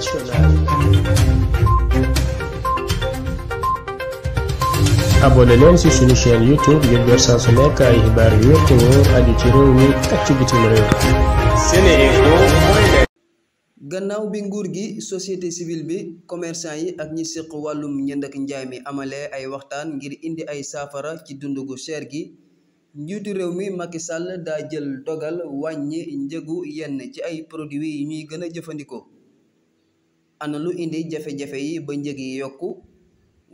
internationale. abonné ci suñu chaîne youtube ngir jot saa su nekk ay yu wér ci réew mi ak ci bitim réew. gannaaw bi nguur gi société civile bi commerçant yi ak ñi séq wàllum njënd ak njaay mi amalee ay waxtaan ngir indi ay saafara ci dund gu seer gi njiitu réew mi Macky Sall daa jël dogal wàññi njëgu yenn ci ay produits yi ñuy gën a jëfandikoo. ana lu indi jafe-jafe yi ba njëg yi yokku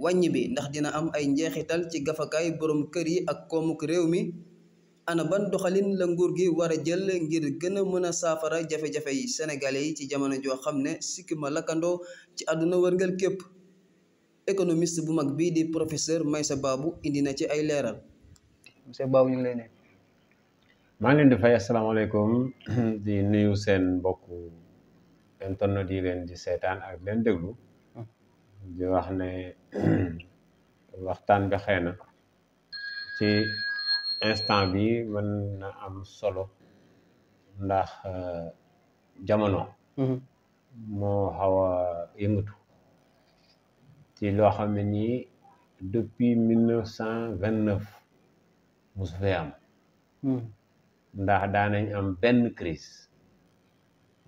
wàññi bi ndax dina am ay njeexital ci gafakaay boroom kër yi ak koomuk réew mi ana ban doxalin la nguur gi war a jël ngir gën a mën a saafara jafe-jafe yi sénégalais yi ci jamono joo xam ne sikkima lakkandoo ci àdduna wërngal képp économiste bu mag bii di professeur Meissa Babou indi na ci ay leeral. monsieur Babou ñu ngi lay ne. maa ngi leen di fay di nuyu seen mbokku. internet yi leen di seetaan ak leen déglu ah. di wax ne waxtaan bi xëy na ci instant bi mën na am solo ndax euh, jamono mm-hmm. moo xaw a yëngatu ci loo xam ne nii depuis mille neuf cent vingt neuf mosu fee am mm-hmm. ndax daanañ am benn crise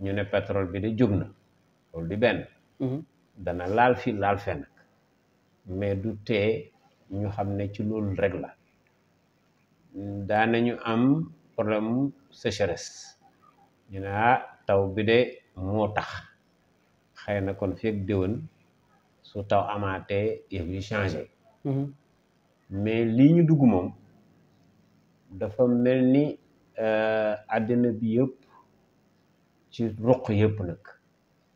ñu ne pétrole bi de jóg na loolu di benn mhm. dana laal fii laal fee nag mais du tee ñu xam ne ci loolu rek la daanañu am problème sécheresse ñu ne ah taw bi de moo tax xëy na kon feeg déwén su taw amaatee yëf yi changé mhm. mais lii ñu dugg moom dafa mel ni euh, àddina bi yëpp ci ruq yëpp nag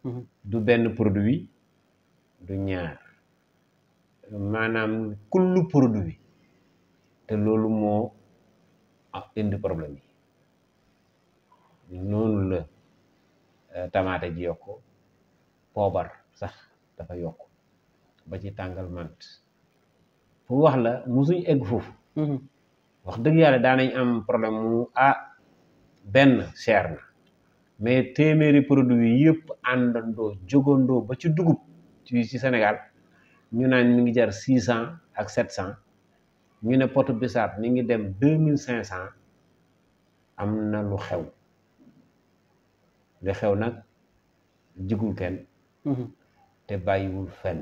mhm. du benn produit du ñaar maanaam kullu produit te loolu moo indi problème yi noonu la euh, tamaate ji yokk poobar sax dafa yokk ba ci tàngal mant pour wax la musuñ egg foofu mhm. wax dëgg yàlla daanañ am problème mu ah benn cher na mais téeméeri produit yëpp àndandoo jógandoo ba ci dugub ci Sénégal ñu naan mi ngi jar six cent ak sept cent ñu ne pot bisaab mi ngi dem deux mille cinq am na lu xew lu xew nag jigul kenn mhm. te bàyyiwul fenn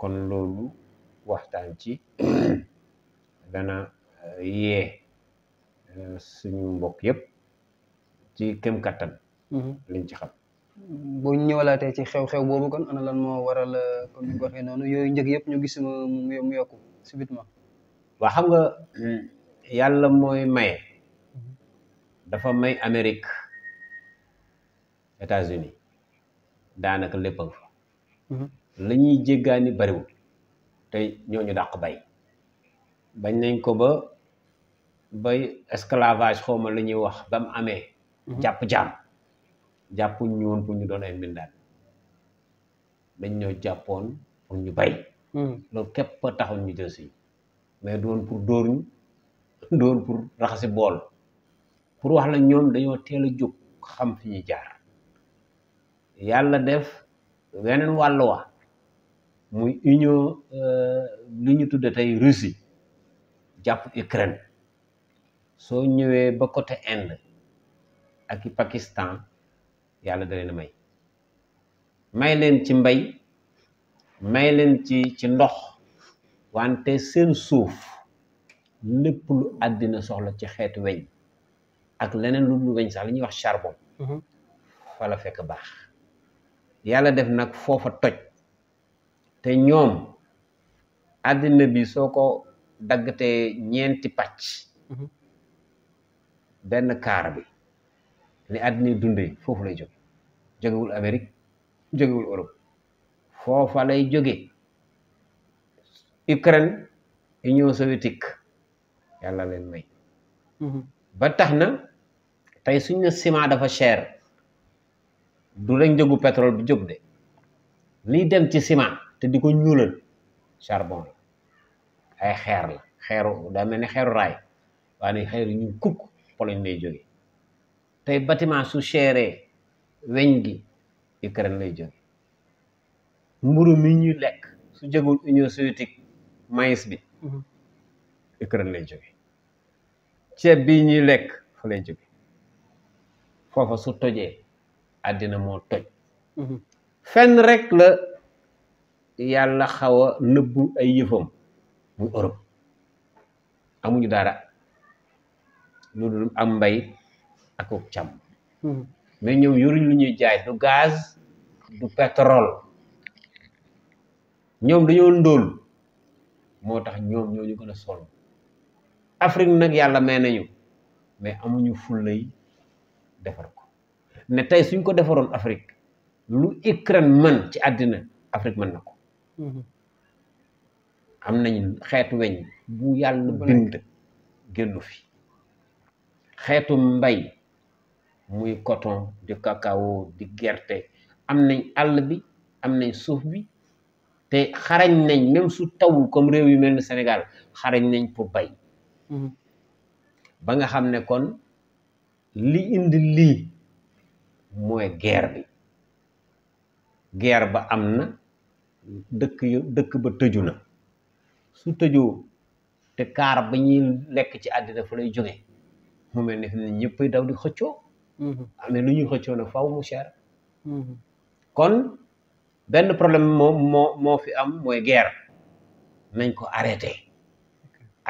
kon loolu waxtaan ci dana eh, yee eh, suñu mbokk yëpp ci kem kattan. Mhm. liñ ci xam. boo ñëwalaatee ci xew-xew boobu kon ana lan moo waral euh, comme ni ko noonu yooyu njëg yëpp ñu gis mu mu yokku subitement. waa xam nga yàlla mooy maye. dafa may Amérique États-Unis daanaka lépp a fa. Mhm. la ñuy jéggaani bariwul tey ñooñu dàq bay bañ nañ ko ba bay esclavage xawma la ñuy wax ba amee Mhm. jàpp jaam jàppuñ ñu woon pour ñu doon ay mbindaan dañ ñoo jàppoon pour ñu bay hmm. loolu képp a taxul ñu jël si mais doon pour dóor ñu doon pour raxasi bool pour wax la ñoom dañoo teel a jóg xam fi ñuy jaar yàlla def weneen wàll wa muy union euh, lu ñu tudde tey Russie jàpp Ukraine soo ñëwee ba côté Inde ak i Pakistan yàlla da leen may may leen ci mbay may leen ci ci ndox wante seen suuf lépp lu àddina soxla ci xeetu weñ ak leneen lu dul weñ sax li ñuy wax charbon mhm. fa la fekk baax yàlla def nag foofa toj te ñoom àddina bi soo ko daggatee ñeenti pàcc mhm. benn kaar bi li àddina dundee foofu lay jóge jógewul Amérique jógewul Europe foofa lay jóge Ukraine Union soviétique yàlla leen may mm-hmm. ba tax na tey suñ ne ciment dafa cher du rek njëgu pétrole bu jóg de liy dem ci ciment te di ko ñuulal charbon la ay xeer la xeeru daa mel ni xeeru raay waaye ne xeer ñu kukk Pologne lay jóge tey batiment su chéré weñ gi Ukraine lay jóge mburu mi ñu lekk su jógul Union soviétique maïs bi Ukraine mhm. lay jóge ceeb bi ñuy lekk fa lay jóge foofa su tojee àddina moo toj mhm. fenn rek la yàlla xaw a nëbbu ay yëfam muy Europe amuñu dara lu dul am mbay akuk càmm hmm. mais ñëw yoruñ lu ñuy jaay du gaz du pétrole ñoom dañoo ndóol moo tax ñoom ñoo ñu gën a sonn Afrique nag yàlla may nañu mais amuñu fullay defar ko ne tey suñ ko defaroon Afrique lu Ukraine man ci àddina Afrique mën na ko hmm. am nañ xeetu weñ bu yàlla bind génnu fi xeetu mbay muy coton di cacao di gerte am nañ àll bi am nañ suuf bi te xarañ nañ même su tawul comme réew yu mel ni Sénégal xarañ nañ pour bay mhm. ba nga xam ne kon li indi lii mooy guerre bi guerre ba am na dëkk dëkk ba tëju na su tëjoo te kaar ba ñuy lekk ci àddina fa lay jóge mu mel ne fi ne ñëppay daw di xëccoo am lu ñuy xëccoo nag faaw mu cher. Mm-hmm. kon benn problème moom moo moo fi am mooy guerre nañ ko arrêté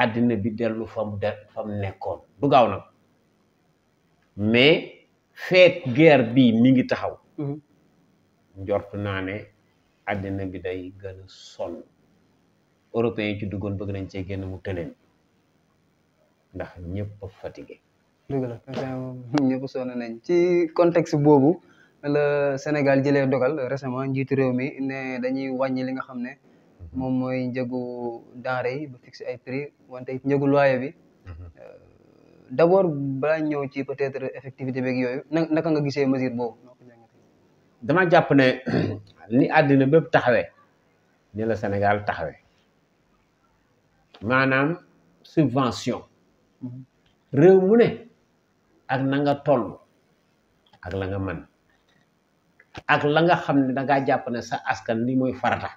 àddina bi dellu fam mu de fa nekkoon du gaaw nag mais feet guerre bi mi ngi taxaw. Mm-hmm. njort naa ne àddina bi day gën a sonn européens yi ci duggoon bëgg nañ cee génn mu tëleen ndax ñëpp fatigué. dëgg la ñëpp nañ ci contexte boobu la Sénégal jëlee dogal récemment njiitu réew mi ne dañuy wàññi li nga xam ne moom mooy njëgu denrée yi ba fixé ay prix wante it njëgu loyer bi mhm. euh, d' abord balaa ñëw ci peut-être effectivité beeg yooyu naka nga gisee mesure boobu. dama jàpp ne ni àddina bé taxawee ni la Sénégal taxawee maanaam subvention mhm. réew mu ne. ak na nga toll ak la nga man ak la nga xam ne dangaa jàpp ne sa askan li mooy farata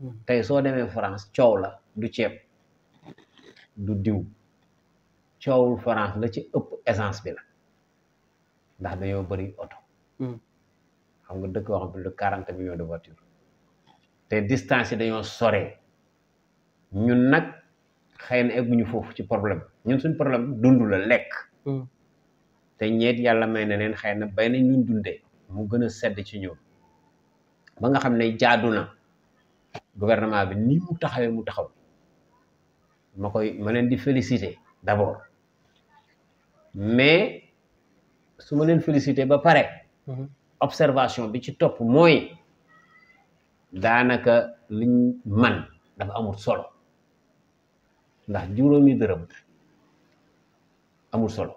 hmm. tey soo demee France coow la du ceeb du diw coowul France la ci ëpp essence bi la ndax dañoo bëri oto hmm. xam nga dëkk yoo xam ne quarante millions de voiture te distance yi dañoo sore ñun nag xëy na egguñu foofu ci problème ñun suñ problème dund la lekk Mm. te ñeet yàlla may na leen xëy na bay na luñ dundee mu gën a sedd ci ñoom ba nga xam ne jaadu na gouvernement bi ni mu taxawee mu taxaw ma koy ma leen di féliciter d'abord mais su ma leen féliciter ba pare mm-hmm. observation bi ci topp mooy daanaka liñ man dafa amul solo ndax juróomi dërëm amul solo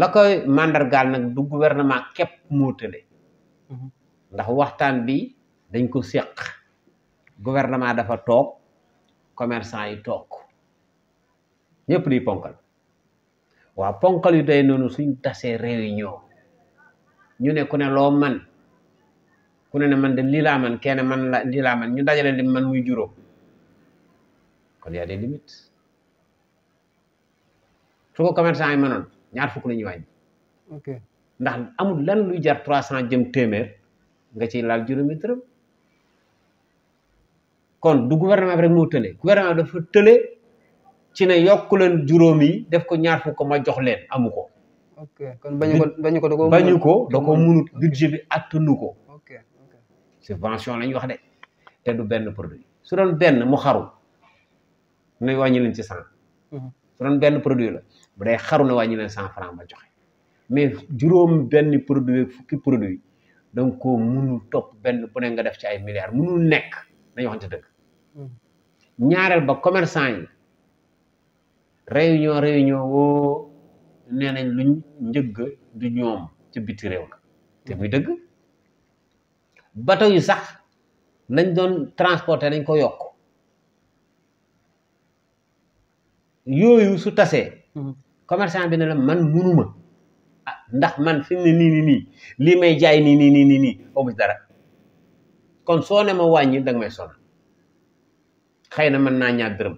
la koy màndargaal nag du gouvernement képp moo tële mhm. ndax waxtaan bi dañ ko seq gouvernement dafa toog commerçant yi toog ñëpp di ponkal waaw ponkal yu tey noonu suñ tasee réunion ñu ne ku ne loo man ku ne ne man de lii laa man kenn man la man ñu dajale li man muy juróom kon y a des su ko commerçant yi mënoon ñaar fukk la ñuy wàññi. ndax amul lan luy jar trois cent jëm téeméer nga ci laal juróomi dërëm kon du gouvernement bi rek moo tële gouvernement bi dafa tële ci ne yokk leen juróom def ko ñaar fukk ma jox leen amu ko. ok kon bañu ko ko da koo bañu koo munut budget bi attanu ko. ok ok subvention wax de te du benn produit su doon benn mu xaru ne wàññi leen ci cent. Mhm. su doon benn produit la. bu dee xaru la wàññi na cent franc ba joxe mais juróom benn produit fukki produit donc koo mënul topp benn bu ne nga def ci ay milliards mënul nekk dañu waxante dëgg hmm. ñaareel ba commerçant yi réunion réunion woo nee nañ luñ njëgg du ñoom ci biti réew la te muy dëgg bateau yu sax lañ doon transporter nañ ko yokk yooyu su tasee hmm. commerçant bi ne la man munuma ah ndax man fi mu ne nii nii nii lii may jaay nii nii nii nii nii amu ci dara kon soo ma wàññi danga may sonn xëy na mën naa ñaar dërëm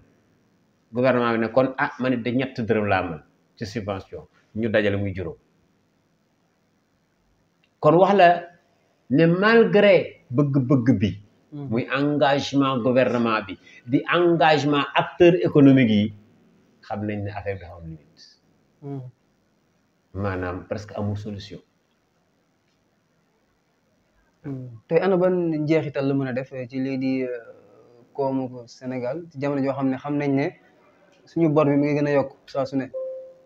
gouvernement bi ne kon ah man it de ñett dërëm laa mën ci subvention ñu dajale muy juróom kon wax la ne malgré bëgg-bëgg bi hmm. muy engagement gouvernement bi di engagement acteur économique yi xam nañ ne affaire bi dafa am Hmm. maanaam presque amul solution. Hmm. tey ana ban njeexital la mën a def ci lii di euh, koomu Sénégal ci jamono joo xam ne xam nañ ne suñu bor bi mi ngi gën a yokk saa su ne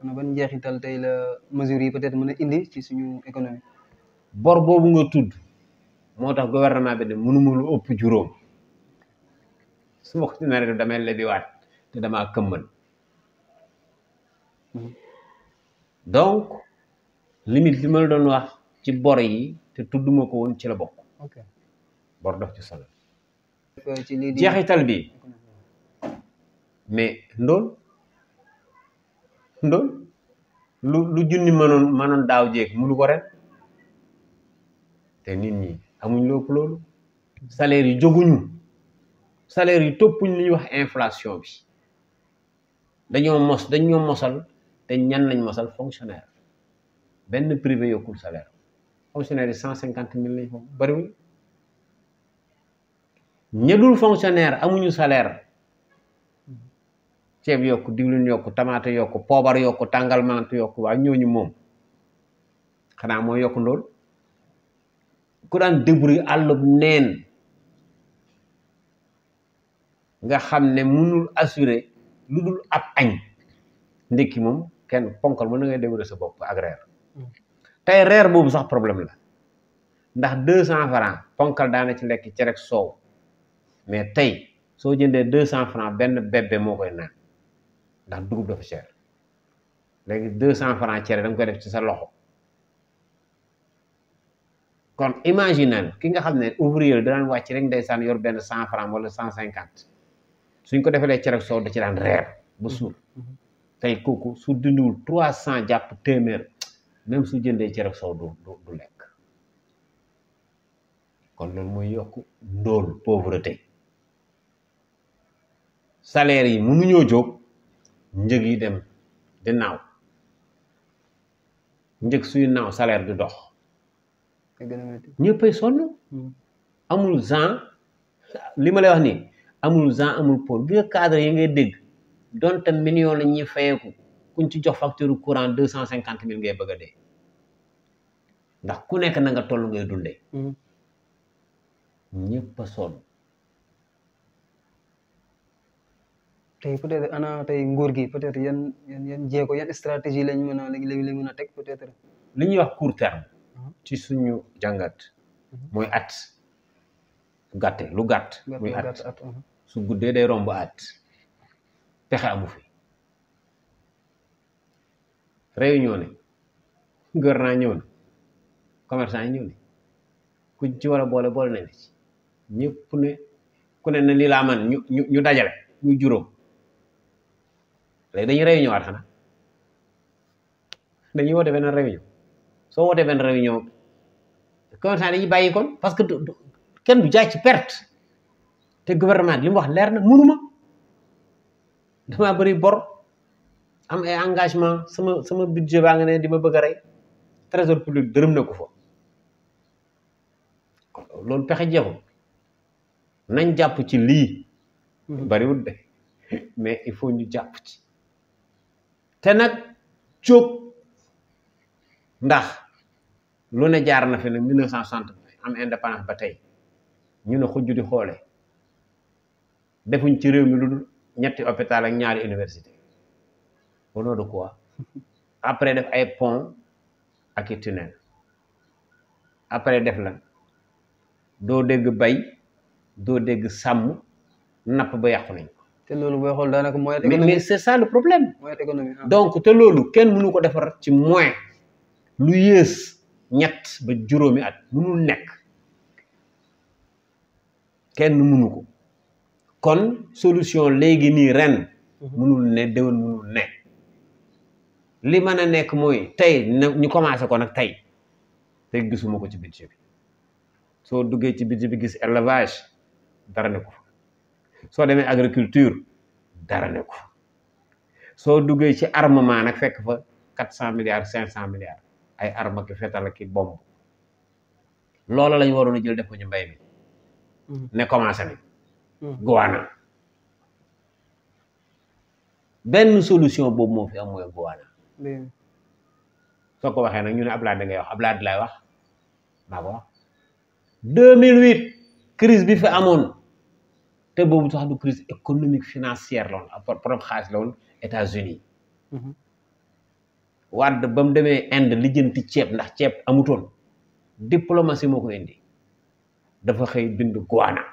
ana ban njeexital tey la mesures yi peut-être mën a indi ci suñu économie. bor boobu nga tudd moo tax gouvernement bi ne mënuma lu ëpp juróom su ma ko ci naree damay lebiwaat te damaa këmmal. Hmm. donc limite bi ma la doon wax ci bor yi te tudduma ko woon ci la bokk. bor dox ci solo. Euh, ci lii di jeexital bi mais ndool ndool lu lu junni mënoon mënoon daaw jéeg mënu ko ren te nit ñi amuñ lépp loolu salaire yi jóguñu salaire yi toppuñ li wax inflation bi dañoo mos dañoo mosal. te ñan lañ mosal fonctionnaire benn privé yokkul salaire fonctionnaire yi cent cinquante mille lañ foofu bëriwul ñedul fonctionnaire amuñu salaire ceeb yokk diwlin yokk tamaate yokk poobar yokk tàngalmante yokk waa ñooñu moom xanaa moo yokk ndool ku daan débri àllub neen nga xam ne mënul assurer lu dul ab añ ndékki moom kenn ponkal mën na ngay débrouiller sa bopp ak reer hmm. tey reer boobu sax problème la ndax deux cent franc ponkal daana ci lekk cerek ak soow mais tey soo jëndee deux cent franc benn bébé moo koy naan ndax dugub dafa cher léegi deux cent franc cere da koy def ci sa loxo kon imaginal ki nga xam ne ouvrier da daan wàcc rek ndeysaan yor benn cent franc wala cent cinquante suñ ko defalee cere ak soow da ci daan reer ba suur hmm. Hmm. tey kooku su dindiwul trois cent jàpp téeméer même su jëndee cere ak soow du lekk kon loolu mooy yokk ndóol pauvreté salaire yi ñëw jóg njëg yi dem di naaw njëg suy naaw salaire du dox ñëppay sonn hmm. amul gen li ma lay wax ni amul gen amul pour bi nga cadre yi ngay dégg donte million la ñuy fayeeku kuñ ci jox facteur courant deux cent cinquante mille ngay bëgg a ndax ku nekk na nga toll ngay dundee mm-hmm. ñëpp a sonn tey peut-être ana tey nguur gi peut-être yan yan yan jéego yan stratégie lañ mën a lañ lañ mën a teg peut li ñuy wax court terme mm-hmm. ci suñu jàngat mm-hmm. mooy at gate lu gàtt muy at su guddee day romb at pexe amu fi réunion ne gouvernement ñëw na commerçant yi ñëw na kuñ ci war a boole boole nañ ci ñëpp ne ku ne ne lii laa man ñu dajale ñu juróom léegi dañuy réunion waat xanaa dañuy woote benn réunion soo wootee benn réunion commerçant dañuy bàyyi kon parce kenn du jaay perte te gouvernement li wax leer na mënuma damaa bëri bor am ay engagement sama sama budget baa nga di ma bëgg a rey trésor public dërëm na ko fa loolu pexe jeexul nañ jàpp ci lii mhm. bariwul de mais il faut ñu jàpp ci te nag cóob ndax lu ne jaar na fe nag mille neuf cent am indépendance ba tey ñu ne xujju di xoole defuñ ci réew mi lu dul ñetti hôpital ak ñaari université au nom de après def ay pont ak i tunnel après def la doo dégg bay doo dégg sàmm napp ba yàqu nañ te loolu booy xool daanaka moyen économique mais mais c'est ça le problème. Ah. donc te loolu kenn mënu ko defar ci moyen lu yées ñett ba juróomi at mënul nekk kenn mënu ko. kon solution léegi nii ren mënul mhm. ne déwén mënul ne li mën a nekk mooy tey ñu commencé ko nag tey te gisuma ko ci budget bi soo duggee ci budget bi gis élevage dara ne ko soo demee agriculture dara ne ko soo duggee ci armement nag fekk fa quatre cent milliards cinq cent milliards ay arme ki fetal ki bomb loola lañ waroon a jël def ko ci mbay mi mhm. ne commencé nañ Gowaana benn solution boobu moo fi am mooy Gowaana soo ko waxee nag ñu ne abla da ngay wax Ablaye wax maa ko wax 2008 crise bi fi amoon te boobu sax du crise économique financière la woon ak propre xaalis la woon États-Unis mhm. Wade ba mu demee Inde lijjanti ceeb ndax ceeb amutoon diplomatie moo ko indi dafa xëy bind Gowaana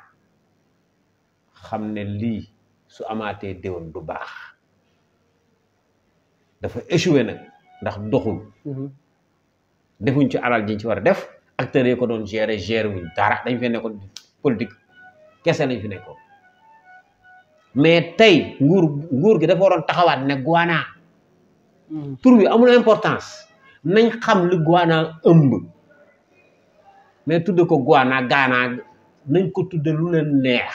xam ne lii su amaatee déwén du baax dafa échoué nag ndax doxul mhm. defuñ ci alal ji ci war a def acteurs yi ko doon gérer gérer wuñ dara dañ fee nekkoon politique kese lañ fi nekkoon mais tey nguur nguur gi dafa waroon taxawaat ne Guana pour mhm. bi amul importance nañ xam li Guana ëmb mais tudd ko Guana Gaana nañ ko tudd lu leen neex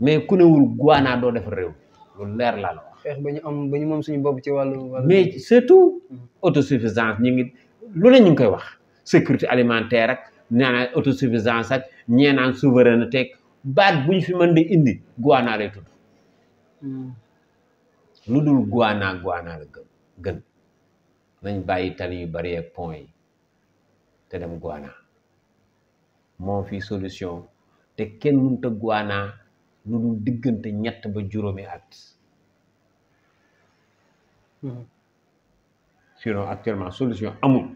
mais ku newul guwaanaa doo defar réew loolu leer laa la wax. xeex ba ñu am ba moom suñu bopp ci wàllu. mais surtout mm-hmm. autosuffisance ñu ngi lu ne ñu ngi koy wax sécurité alimentaire ak ñaanaan autosuffisance ak ñeenaan souveraineté ak baat bu ñu fi man di indi guwaanaa lay tudd. Mm-hmm. lu dul guwaanaa guwaanaa la gën nañ bàyyi tali yu bari ak pont yi te dem guwaanaa moo fi solution te kenn mënut a guwaanaa. lu dul diggante ñett ba juróomi at hmm. sinon actuellement solution amul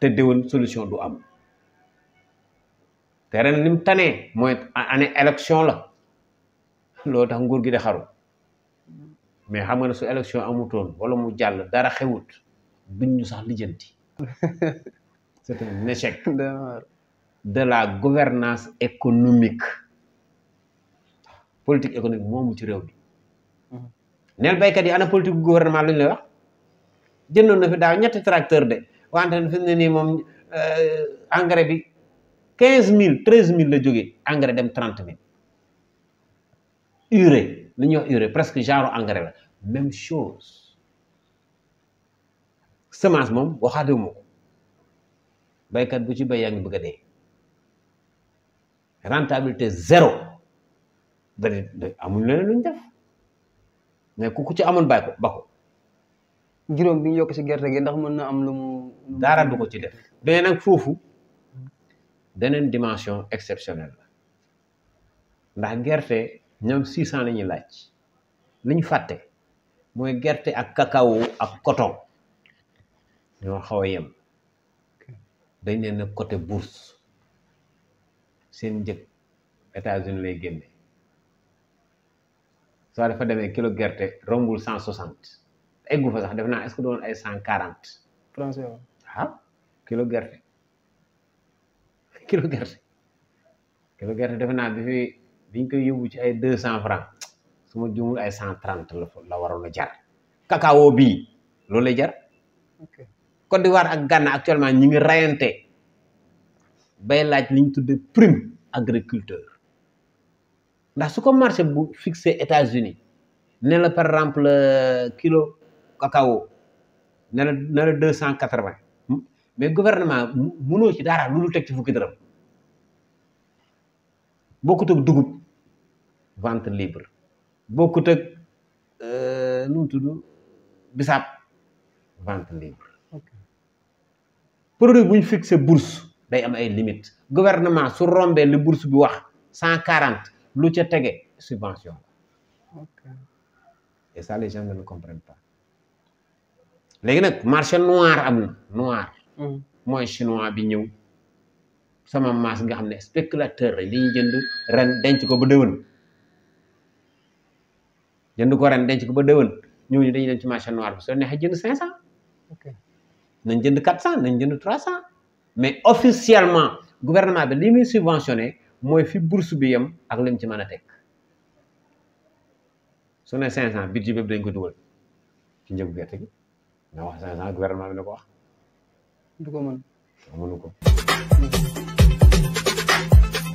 te déwén solution du am te ren ni mu tanee mooy année élection la loo tax nguur gi de xaru mais xam nga ne su élection amutoon wala mu jàll dara xewut duñ ñu sax lijjanti c'est un échec de la gouvernance économique politique économique moomu ci réew bi mhm. neel béykat yi ana politique gouvernement lu ñu lay wax jëndoon na fi daaw ñetti tracteur de wante fi mu nii moom euh, engrais bi quinze mille treize mille la jógee engrais dem trente mille urée lu ñuy wax urée presque genre engrais la même chose semence moom waxaatuma ko béykat bu ci béy yaa ngi bëgg dee rentabilité zéro bëri amuñ leneen luñ def mais ku ku ci amoon bàyyi ko ba ko. juróom bi yokk si gerte gi ndax mën na am lu mu. dara du ko ci def mais nag foofu beneen dimension exceptionnelle la ndax gerte ñoom six cent la ñuy laaj li ñu fàtte mooy gerte ak cacao ak coton ñoo xaw a yem dañ ne nag côté bourse seen njëg États-Unis lay génne. soo soit fa demee kilo gerte rombul cent soixante eggu fa sax def naa est-ce que doon ay cent quarante français waaw ah, kilo gerte kilo gerte kilo gerte def naa bi fi biñ koy yóbbu ci ay deux cent francs su ma jumul ay cent trente la la waroon a jar cacao bi loolu la jar Côte d'Ivoire ak Ghana actuellement ñi ngi rayante bay laaj li ñu tudde prime agriculteur ndax su ko marché bu fixé États-Unis ne la par exemple euh, kilo cacao ne la deux cent quatre vingt mais gouvernement mënoo ci dara lu lu teg ci fukki dërëm bokkut dugub vente libre bokkut ak euh, nu mu tudd bisaab vente libre produit bu ñu fixé bourse day am ay limites gouvernement su rombee li bourse bi wax cent quarante lu ca tege subvention la et ça léegi nag marché noir am na noir mm. mooy chinois bi ñëw sama maas nga xam ne speculateur lañ li jënd ren denc ko ba déwén jënd ko ren denc ko ba déwén ñooñu dañuy dem ci marché noir bi soo neexee jënd cinq cent nañ jënd quatre cent nañ jënd trois cent mais officiellement gouvernement bi li muy subventionné mooy fi bourse bi yem ak lim ci mën a teg sune ne cinq cent budget bépp dañ ko dugal ci njëgu gerte gi nga wax cinq cent gouvernement bi ko wax du ko mën mënu ko